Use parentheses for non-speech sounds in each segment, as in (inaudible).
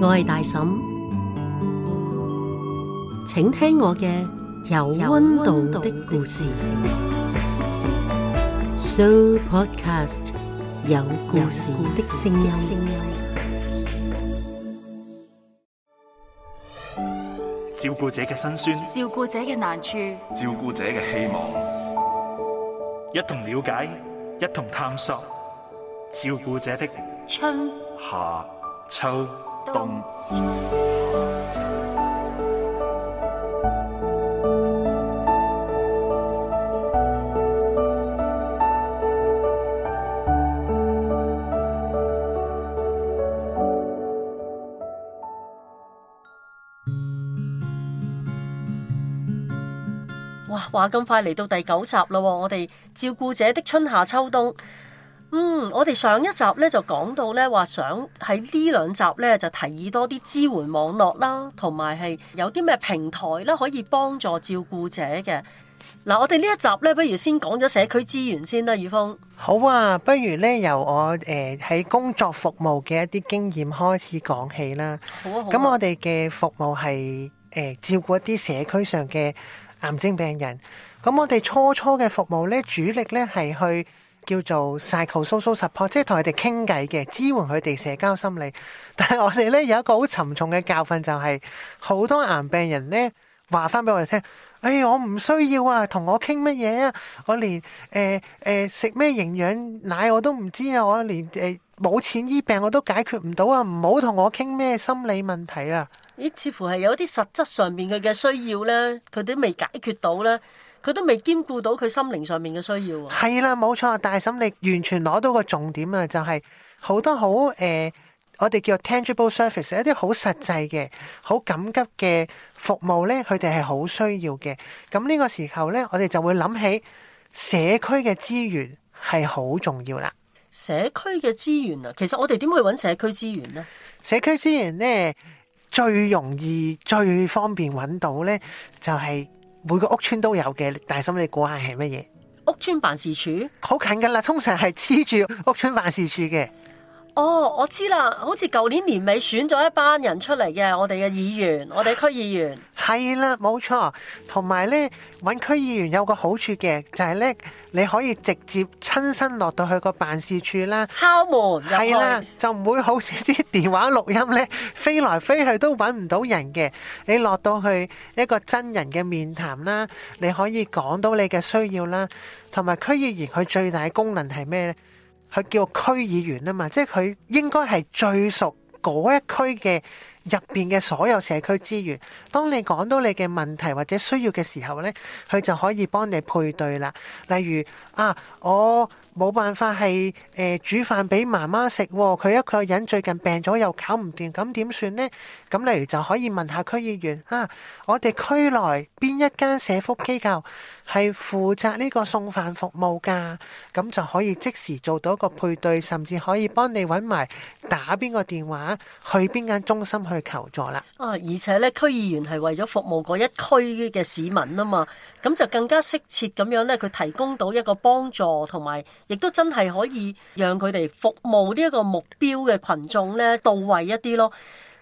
我係大嬸，請聽我嘅有温度的故事。Show Podcast 有故事的聲音。照顧者嘅辛酸，照顧者嘅難處，照顧者嘅希望，一同了解，一同探索，照顧者的春、夏、秋。哇！話咁快嚟到第九集啦，我哋照顧者的春夏秋冬。嗯，我哋上一集咧就講到咧，話想喺呢兩集咧就提議多啲支援網絡啦，同埋係有啲咩平台咧可以幫助照顧者嘅。嗱，我哋呢一集咧，不如先講咗社區資源先啦，以峰。好啊，不如咧由我誒喺、呃、工作服務嘅一啲經驗開始講起啦好、啊。好啊，咁我哋嘅服務係誒、呃、照顧一啲社區上嘅癌症病人。咁我哋初初嘅服務咧主力咧係去。叫做 psychosocial support 即係同佢哋傾偈嘅，支援佢哋社交心理。但係我哋咧有一個好沉重嘅教訓，就是，就係好多癌病人咧話翻俾我哋聽，哎，我唔需要啊，同我傾乜嘢啊？我連誒誒、呃呃、食咩營養奶我都唔知啊，我連誒冇、呃、錢醫病我都解決唔到啊！唔好同我傾咩心理問題啦，啊。咦？似乎係有啲實質上面佢嘅需要咧，佢哋未解決到啦。佢都未兼顧到佢心靈上面嘅需要喎。係啦，冇錯，大嬸，你完全攞到個重點啊！就係、是、好多好誒、呃，我哋叫 tangible service，一啲好實際嘅、好緊急嘅服務咧，佢哋係好需要嘅。咁呢個時候咧，我哋就會諗起社區嘅資源係好重要啦。社區嘅資源啊，其實我哋點去揾社區資源咧？社區資源咧最容易、最方便揾到咧，就係、是。每個屋村都有嘅，但係心你估下係乜嘢？屋村辦事處？好近噶啦，通常係黐住屋村辦事處嘅。哦，我知啦，好似舊年年尾選咗一班人出嚟嘅，我哋嘅議員，我哋區議員係啦，冇錯。同埋呢，揾區議員有個好處嘅，就係呢，你可以直接親身落到去個辦事處啦，敲門係啦，就唔會好似啲電話錄音呢，飛來飛去都揾唔到人嘅。你落到去一個真人嘅面談啦，你可以講到你嘅需要啦，同埋區議員佢最大功能係咩呢？佢叫區議員啊嘛，即係佢應該係最熟嗰一區嘅入邊嘅所有社區資源。當你講到你嘅問題或者需要嘅時候咧，佢就可以幫你配對啦。例如啊，我。冇辦法係誒、呃、煮飯俾媽媽食，佢一個人最近病咗又搞唔掂，咁點算呢？咁例如就可以問下區議員啊，我哋區內邊一間社福機構係負責呢個送飯服務㗎？咁就可以即時做到一個配對，甚至可以幫你揾埋打邊個電話去邊間中心去求助啦。啊，而且咧區議員係為咗服務嗰一區嘅市民啊嘛，咁就更加適切咁樣咧，佢提供到一個幫助同埋。亦都真係可以讓佢哋服務呢一個目標嘅群眾咧到位一啲咯，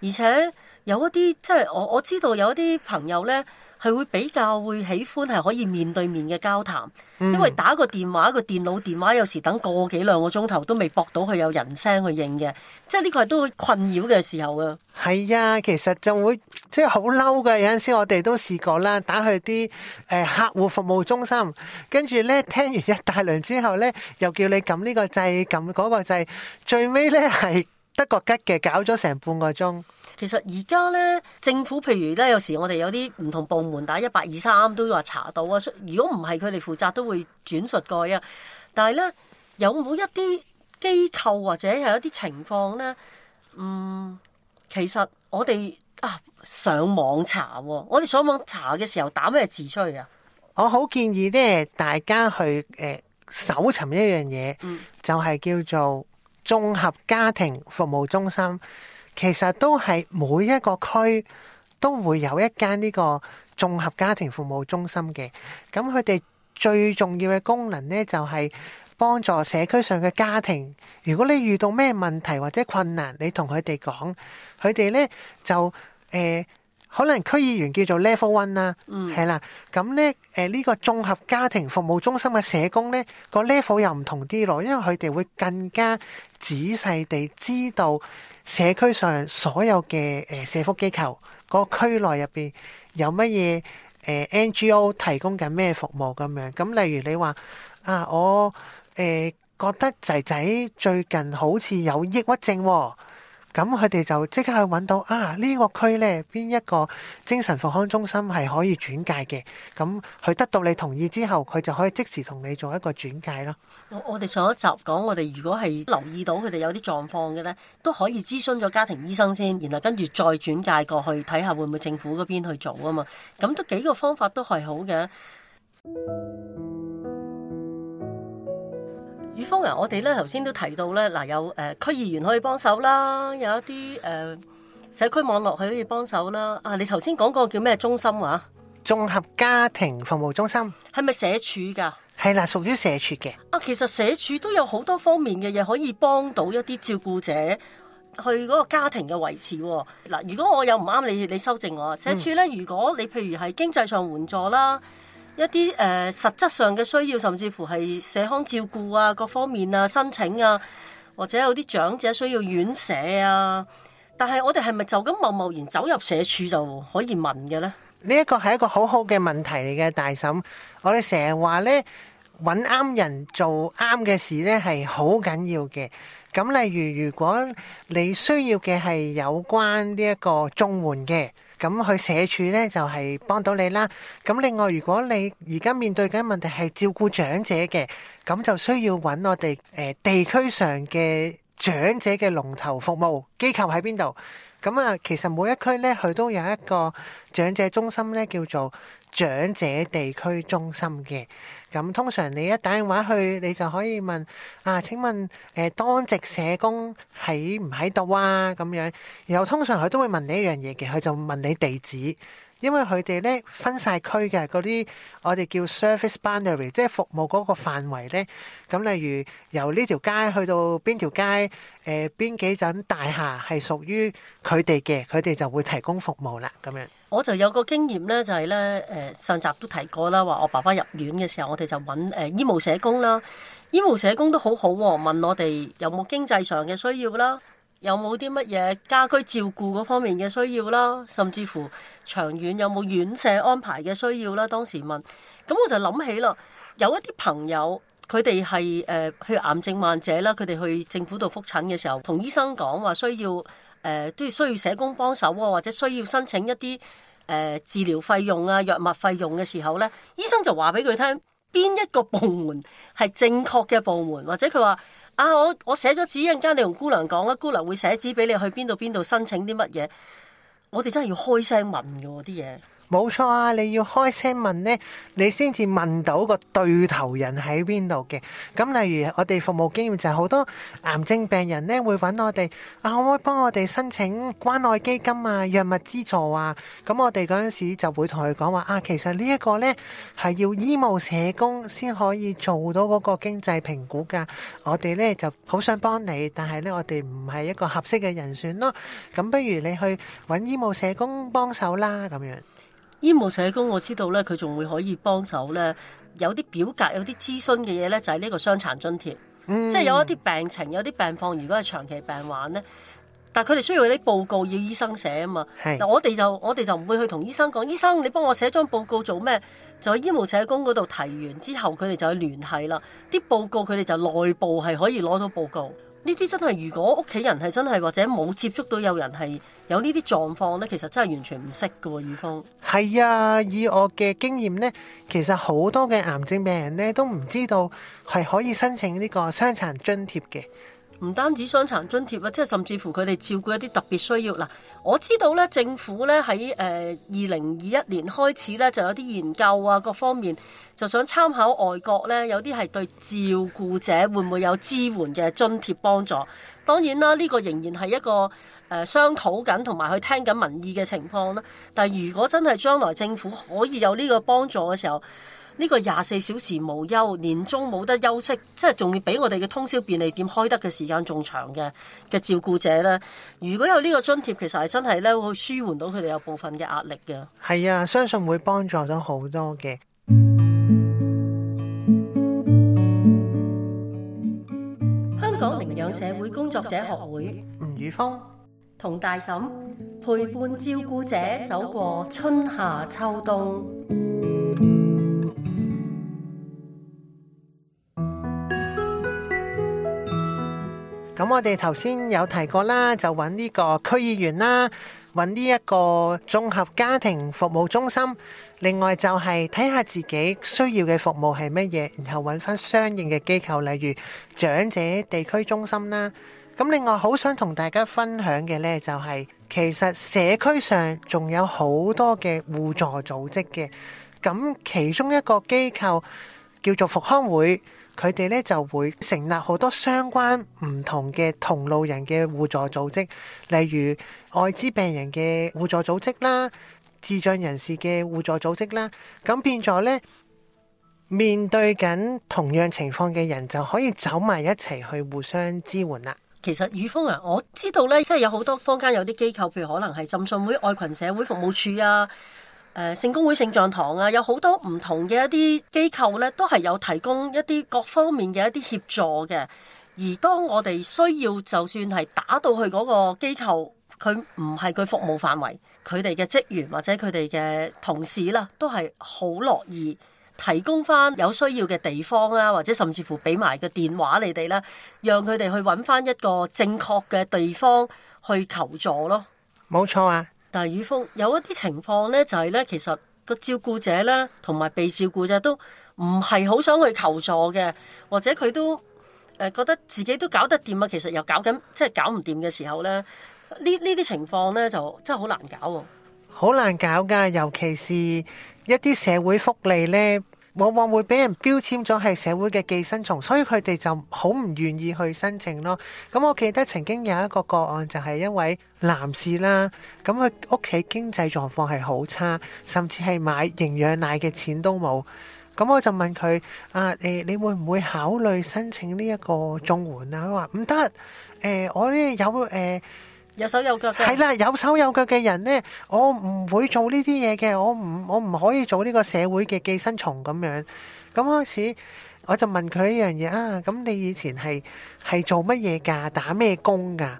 而且有一啲即係我我知道有一啲朋友咧。佢會比較會喜歡係可以面對面嘅交談，嗯、因為打個電話個電腦電話有時等個幾兩個鐘頭都未駁到佢有人聲去應嘅，即係呢個係都會困擾嘅時候啊。係啊，其實就會即係好嬲㗎，有陣時我哋都試過啦，打去啲誒、呃、客戶服務中心，跟住咧聽完一大輪之後咧，又叫你撳呢個掣撳嗰個掣，最尾咧係得個吉嘅，搞咗成半個鐘。其實而家咧，政府譬如咧，有時我哋有啲唔同部門打一八二三都話查到啊。如果唔係佢哋負責，都會轉述過啊。但係咧，有冇一啲機構或者係一啲情況咧？嗯，其實我哋啊，上網查，哦，我哋上網查嘅時候打咩字出去啊？我好建議咧，大家去誒搜尋一樣嘢，就係叫做綜合家庭服務中心。其實都係每一個區都會有一間呢個綜合家庭服務中心嘅。咁佢哋最重要嘅功能咧，就係幫助社區上嘅家庭。如果你遇到咩問題或者困難，你同佢哋講，佢哋咧就誒、呃，可能區議員叫做 level one 啦、mm.，嗯，係啦。咁咧，誒呢個綜合家庭服務中心嘅社工咧，個 level 又唔同啲咯，因為佢哋會更加仔細地知道。社區上所有嘅誒社福機構，個區內入邊有乜嘢誒 NGO 提供緊咩服務咁樣？咁例如你話啊，我誒覺得仔仔最近好似有抑鬱症。咁佢哋就即刻去揾到啊，呢個區咧邊一個精神復康中心係可以轉介嘅。咁、嗯、佢得到你同意之後，佢就可以即時同你做一個轉介咯。我哋上一集講，我哋如果係留意到佢哋有啲狀況嘅咧，都可以諮詢咗家庭醫生先，然後跟住再轉介過去睇下會唔會政府嗰邊去做啊嘛。咁都幾個方法都係好嘅。雨峰啊，我哋咧頭先都提到咧，嗱有誒區議員可以幫手啦，有一啲誒社區網絡可以幫手啦。啊，你頭先講個叫咩中心啊？綜合家庭服務中心係咪社署噶？係啦，屬於社署嘅。啊，其實社署都有好多方面嘅嘢可以幫到一啲照顧者去嗰個家庭嘅維持。嗱、啊，如果我有唔啱你，你修正我。社署咧，嗯、如果你譬如係經濟上援助啦。一啲誒、呃、實質上嘅需要，甚至乎係社康照顧啊，各方面啊申請啊，或者有啲長者需要院舍啊，但係我哋係咪就咁貿貿然走入社署就可以問嘅咧？呢一個係一個好好嘅問題嚟嘅，大嬸，我哋成日話咧揾啱人做啱嘅事咧係好緊要嘅。咁例如，如果你需要嘅係有關呢一個綜援嘅。咁去社署咧就係、是、幫到你啦。咁另外，如果你而家面對緊問題係照顧長者嘅，咁就需要揾我哋誒、呃、地區上嘅長者嘅龍頭服務機構喺邊度。咁啊，其實每一區咧佢都有一個長者中心咧，叫做。長者地區中心嘅，咁通常你一打電話去，你就可以問啊，請問誒、呃、當值社工喺唔喺度啊？咁樣，然後通常佢都會問你一樣嘢嘅，佢就問你地址，因為佢哋咧分晒區嘅嗰啲，我哋叫 service boundary，即係服務嗰個範圍咧。咁例如由呢條街去到邊條街，誒、呃、邊幾層大廈係屬於佢哋嘅，佢哋就會提供服務啦。咁樣。我就有個經驗咧，就係咧，誒上集都提過啦，話我爸爸入院嘅時候，我哋就揾誒醫務社工啦。醫務社工都好好喎，問我哋有冇經濟上嘅需要啦，有冇啲乜嘢家居照顧嗰方面嘅需要啦，甚至乎長遠有冇院舍安排嘅需要啦。當時問，咁我就諗起啦，有一啲朋友佢哋係誒去癌症患者啦，佢哋去政府度覆診嘅時候，同醫生講話需要。誒，都要需要社工幫手，或者需要申請一啲誒、呃、治療費用啊、藥物費用嘅時候咧，醫生就話俾佢聽邊一個部門係正確嘅部門，或者佢話啊，我我寫咗紙，一陣間你同姑娘講啦，姑娘會寫紙俾你去邊度邊度申請啲乜嘢，我哋真係要開聲問嘅喎，啲嘢。冇錯啊！你要開聲問咧，你先至問到個對頭人喺邊度嘅。咁例如我哋服務經驗就係好多癌症病人咧會揾我哋啊，可唔可以幫我哋申請關愛基金啊、藥物資助啊？咁我哋嗰陣時就會同佢講話啊，其實呢一個咧係要醫務社工先可以做到嗰個經濟評估㗎。我哋咧就好想幫你，但係咧我哋唔係一個合適嘅人選咯。咁不如你去揾醫務社工幫手啦，咁樣。醫務社工我知道咧，佢仲會可以幫手咧，有啲表格，有啲諮詢嘅嘢咧，就係、是、呢個傷殘津貼，mm. 即係有一啲病情，有啲病況，如果係長期病患咧，但係佢哋需要啲報告，要醫生寫啊嘛。是但我哋就我哋就唔會去同醫生講，醫生你幫我寫張報告做咩？就喺醫務社工嗰度提完之後，佢哋就去聯繫啦。啲報告佢哋就內部係可以攞到報告。呢啲真係，如果屋企人係真係或者冇接觸到有人係有呢啲狀況呢，其實真係完全唔識嘅喎，雨峰。係啊，以我嘅經驗呢，其實好多嘅癌症病人呢，都唔知道係可以申請呢個傷殘津貼嘅，唔單止傷殘津貼啊，即係甚至乎佢哋照顧一啲特別需要嗱。我知道咧，政府咧喺誒二零二一年開始咧就有啲研究啊，各方面就想參考外國咧，有啲係對照顧者會唔會有支援嘅津貼幫助。當然啦，呢個仍然係一個誒商討緊同埋去聽緊民意嘅情況啦。但係如果真係將來政府可以有呢個幫助嘅時候，呢個廿四小時無休，年中冇得休息，即係仲要比我哋嘅通宵便利店開得嘅時間仲長嘅嘅照顧者咧。如果有呢個津貼，其實係真係咧會舒緩到佢哋有部分嘅壓力嘅。係啊，相信會幫助到好多嘅。香港營養社會工作者學會，吳雨峰同大嬸陪伴照顧者走過春夏秋冬。咁我哋頭先有提過啦，就搵呢個區議員啦，搵呢一個綜合家庭服務中心。另外就係睇下自己需要嘅服務係乜嘢，然後搵翻相應嘅機構，例如長者地區中心啦。咁另外好想同大家分享嘅呢、就是，就係其實社區上仲有好多嘅互助組織嘅。咁其中一個機構叫做復康會。佢哋咧就會成立好多相關唔同嘅同路人嘅互助組織，例如愛滋病人嘅互助組織啦、智障人士嘅互助組織啦，咁變咗咧面對緊同樣情況嘅人就可以走埋一齊去互相支援啦。其實宇峰啊，我知道咧，即係有好多坊間有啲機構，譬如可能係浸信會愛群社會服務處啊。誒聖公會聖匠堂啊，有好多唔同嘅一啲機構呢都係有提供一啲各方面嘅一啲協助嘅。而當我哋需要，就算係打到去嗰個機構，佢唔係佢服務範圍，佢哋嘅職員或者佢哋嘅同事啦，都係好樂意提供翻有需要嘅地方啦，或者甚至乎俾埋個電話你哋啦，讓佢哋去揾翻一個正確嘅地方去求助咯。冇錯啊！嗱，有一啲情況咧，就係咧，其實個照顧者咧，同埋被照顧者都唔係好想去求助嘅，或者佢都誒覺得自己都搞得掂啊，其實又搞緊即係搞唔掂嘅時候咧，呢呢啲情況咧就真係好難搞喎，好難搞㗎，尤其是一啲社會福利咧。往往會俾人標籤咗係社會嘅寄生蟲，所以佢哋就好唔願意去申請咯。咁、嗯、我記得曾經有一個個案，就係、是、一位男士啦，咁佢屋企經濟狀況係好差，甚至係買營養奶嘅錢都冇。咁、嗯、我就問佢：啊，誒，你會唔會考慮申請呢一個綜援啊？佢話唔得，誒，我呢有誒。誒有手有腳嘅係啦，有手有腳嘅人呢，我唔會做呢啲嘢嘅，我唔我唔可以做呢個社會嘅寄生蟲咁樣。咁開始我就問佢一樣嘢啊，咁、嗯、你以前係係做乜嘢㗎？打咩工㗎？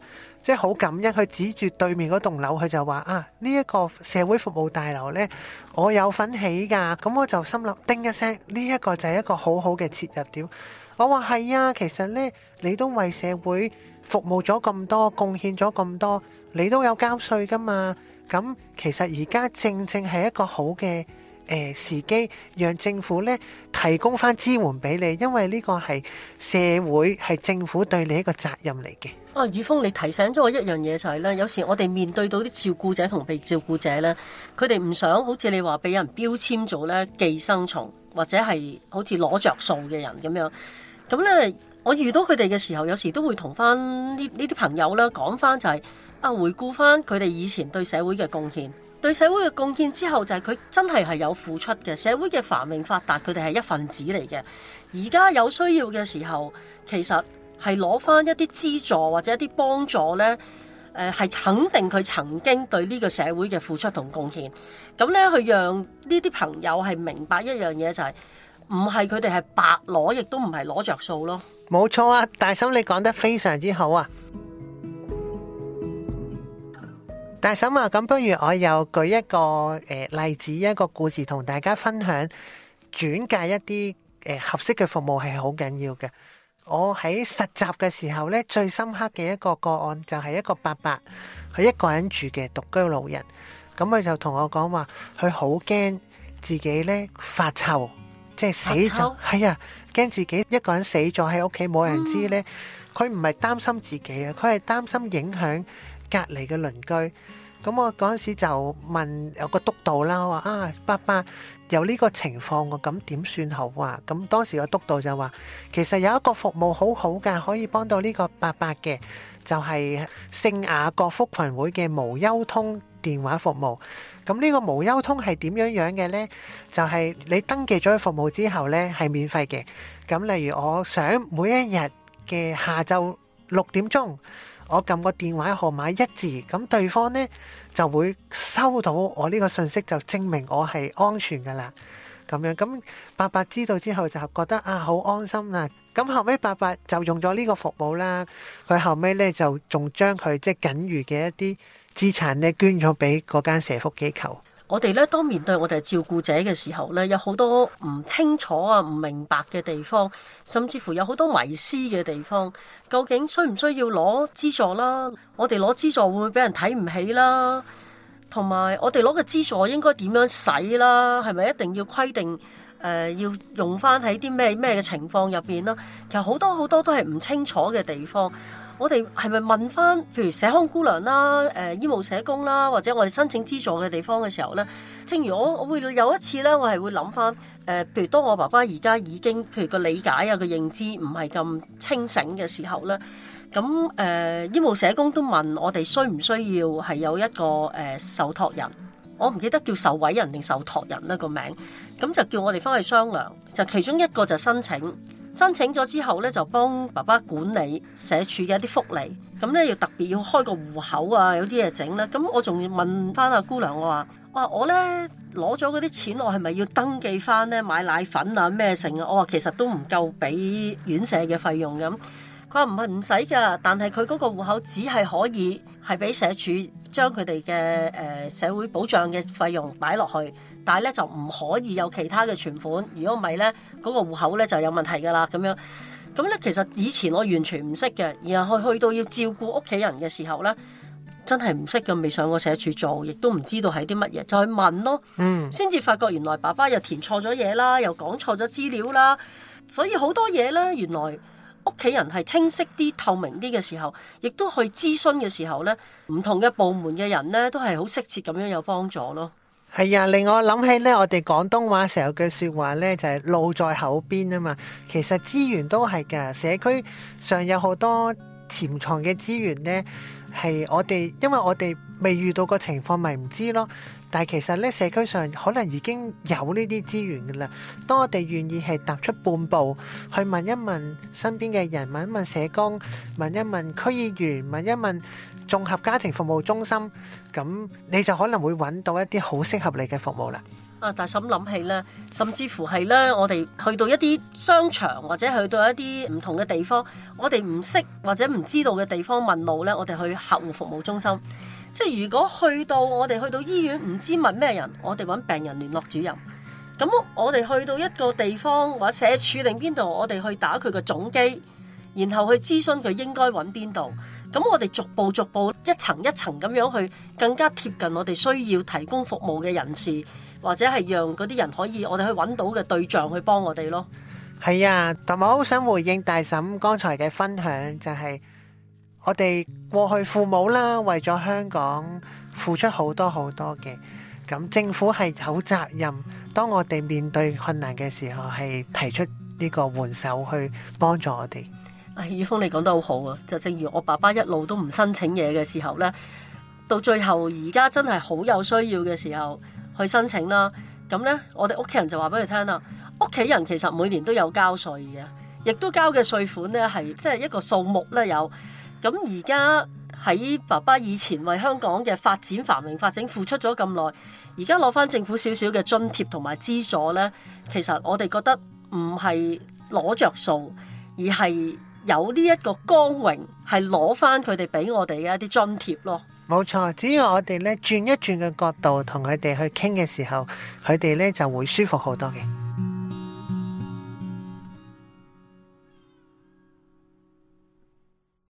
即係好感恩，佢指住對面嗰棟樓，佢就話啊，呢、這、一個社會服務大樓呢，我有份起㗎。咁我就心諗，叮一聲，呢、這個、一個就係一個好好嘅切入點。我話係啊，其實呢，你都為社會。服務咗咁多，貢獻咗咁多，你都有交稅噶嘛？咁其實而家正正係一個好嘅誒時機，讓政府呢提供翻支援俾你，因為呢個係社會係政府對你一個責任嚟嘅。啊，宇峰，你提醒咗我一樣嘢就係咧，有時我哋面對到啲照顧者同被照顧者呢，佢哋唔想好似你話俾人標籤咗呢寄生蟲，或者係好似攞着數嘅人咁樣，咁呢。我遇到佢哋嘅時候，有時都會同翻呢呢啲朋友咧講翻，就係啊回顧翻佢哋以前對社會嘅貢獻，對社會嘅貢獻之後，就係，就係佢真係係有付出嘅，社會嘅繁榮發達，佢哋係一份子嚟嘅。而家有需要嘅時候，其實係攞翻一啲資助或者一啲幫助呢誒係、呃、肯定佢曾經對呢個社會嘅付出同貢獻。咁呢，去讓呢啲朋友係明白一樣嘢，就係，就係。唔係佢哋係白攞，亦都唔係攞着數咯。冇錯啊，大嬸你講得非常之好啊！大嬸啊，咁不如我又舉一個誒例子，一個故事同大家分享，轉介一啲誒合適嘅服務係好緊要嘅。我喺實習嘅時候呢，最深刻嘅一個個案就係一個伯伯，佢一個人住嘅獨居老人。咁佢就同我講話，佢好驚自己呢發臭。即係死咗，係啊！驚、 (noise) 哎、自己一個人死咗喺屋企冇人知呢。佢唔係擔心自己啊，佢係擔心影響隔籬嘅鄰居。咁我嗰陣時就問有個督導啦，我話啊，伯伯有呢個情況嘅，咁點算好啊？咁當時個督導就話，其實有一個服務好好噶，可以幫到呢個伯伯嘅，就係、是、聖雅各福群會嘅無憂通。電話服務，咁呢個無憂通係點樣樣嘅呢？就係你登記咗服務之後呢係免費嘅。咁例如我想每一日嘅下晝六點鐘，我撳個電話號碼一字，咁對方呢就會收到我呢個信息，就證明我係安全噶啦。咁樣咁，伯伯知道之後就覺得啊好安心啦。咁後尾伯伯就用咗呢個服務啦。佢後尾呢就仲將佢即係僅餘嘅一啲。資產咧捐咗俾嗰間社福機構。我哋咧當面對我哋照顧者嘅時候咧，有好多唔清楚啊、唔明白嘅地方，甚至乎有好多迷思嘅地方。究竟需唔需要攞資助啦？我哋攞資助會唔會俾人睇唔起啦？同埋我哋攞嘅資助應該點樣使啦？係咪一定要規定誒、呃、要用翻喺啲咩咩嘅情況入邊啦？其實好多好多都係唔清楚嘅地方。我哋係咪問翻，譬如社康姑娘啦、誒、呃、醫務社工啦，或者我哋申請資助嘅地方嘅時候咧？正如我，我會有一次咧，我係會諗翻，誒、呃，譬如當我爸爸而家已經，譬如個理解啊個認知唔係咁清醒嘅時候咧，咁、呃、誒醫務社工都問我哋需唔需要係有一個誒、呃、受託人，我唔記得叫受委人定受託人呢個名，咁就叫我哋翻去商量，就其中一個就申請。申請咗之後咧，就幫爸爸管理社署嘅一啲福利，咁咧要特別要開個戶口啊，有啲嘢整啦。咁我仲要問翻阿、啊、姑娘，我話我話我咧攞咗嗰啲錢，我係咪要登記翻咧買奶粉啊咩成啊？我話其實都唔夠俾院舍嘅費用咁。佢話唔係唔使噶，但係佢嗰個戶口只係可以係俾社署將佢哋嘅誒社會保障嘅費用擺落去。但係咧就唔可以有其他嘅存款，如果唔係咧嗰個戶口咧就有問題噶啦咁樣。咁咧其實以前我完全唔識嘅，然後去去到要照顧屋企人嘅時候咧，真係唔識嘅，未上過社署做，亦都唔知道係啲乜嘢，就去問咯，先至、嗯、發覺原來爸爸又填錯咗嘢啦，又講錯咗資料啦，所以好多嘢咧，原來屋企人係清晰啲、透明啲嘅時候，亦都去諮詢嘅時候咧，唔同嘅部門嘅人咧都係好適切咁樣有幫助咯。係啊，令我諗起咧，我哋廣東話成日有句說話咧，就係路在口邊啊嘛。其實資源都係噶，社區上有好多潛藏嘅資源咧，係我哋，因為我哋未遇到個情況，咪唔知咯。但係其實咧，社區上可能已經有呢啲資源嘅啦。當我哋願意係踏出半步，去問一問身邊嘅人，問一問社工，問一問區議員，問一問綜合家庭服務中心，咁你就可能會揾到一啲好適合你嘅服務啦。啊，但係諗起咧，甚至乎係咧，我哋去到一啲商場或者去到一啲唔同嘅地方，我哋唔識或者唔知道嘅地方問路咧，我哋去客戶服務中心。即係如果去到我哋去到醫院唔知問咩人，我哋揾病人聯絡主任。咁我哋去到一個地方或者社署定邊度，我哋去打佢個總機，然後去諮詢佢應該揾邊度。咁我哋逐步逐步一層一層咁樣去，更加貼近我哋需要提供服務嘅人士，或者係讓嗰啲人可以我哋去揾到嘅對象去幫我哋咯。係啊，同埋好想回應大嬸剛才嘅分享就係、是。我哋過去父母啦，為咗香港付出好多好多嘅。咁政府係有責任，當我哋面對困難嘅時候，係提出呢個援手去幫助我哋。哎，宇峰，你講得好好啊！就正如我爸爸一路都唔申請嘢嘅時候咧，到最後而家真係好有需要嘅時候去申請啦。咁咧，我哋屋企人就話俾佢聽啦。屋企人其實每年都有交稅嘅，亦都交嘅稅款咧係即係一個數目咧有。咁而家喺爸爸以前為香港嘅發展繁榮發展付出咗咁耐，而家攞翻政府少少嘅津貼同埋資助呢，其實我哋覺得唔係攞着數，而係有呢一個光榮係攞翻佢哋俾我哋嘅一啲津貼咯。冇錯，只要我哋呢轉一轉嘅角度，同佢哋去傾嘅時候，佢哋呢就會舒服好多嘅。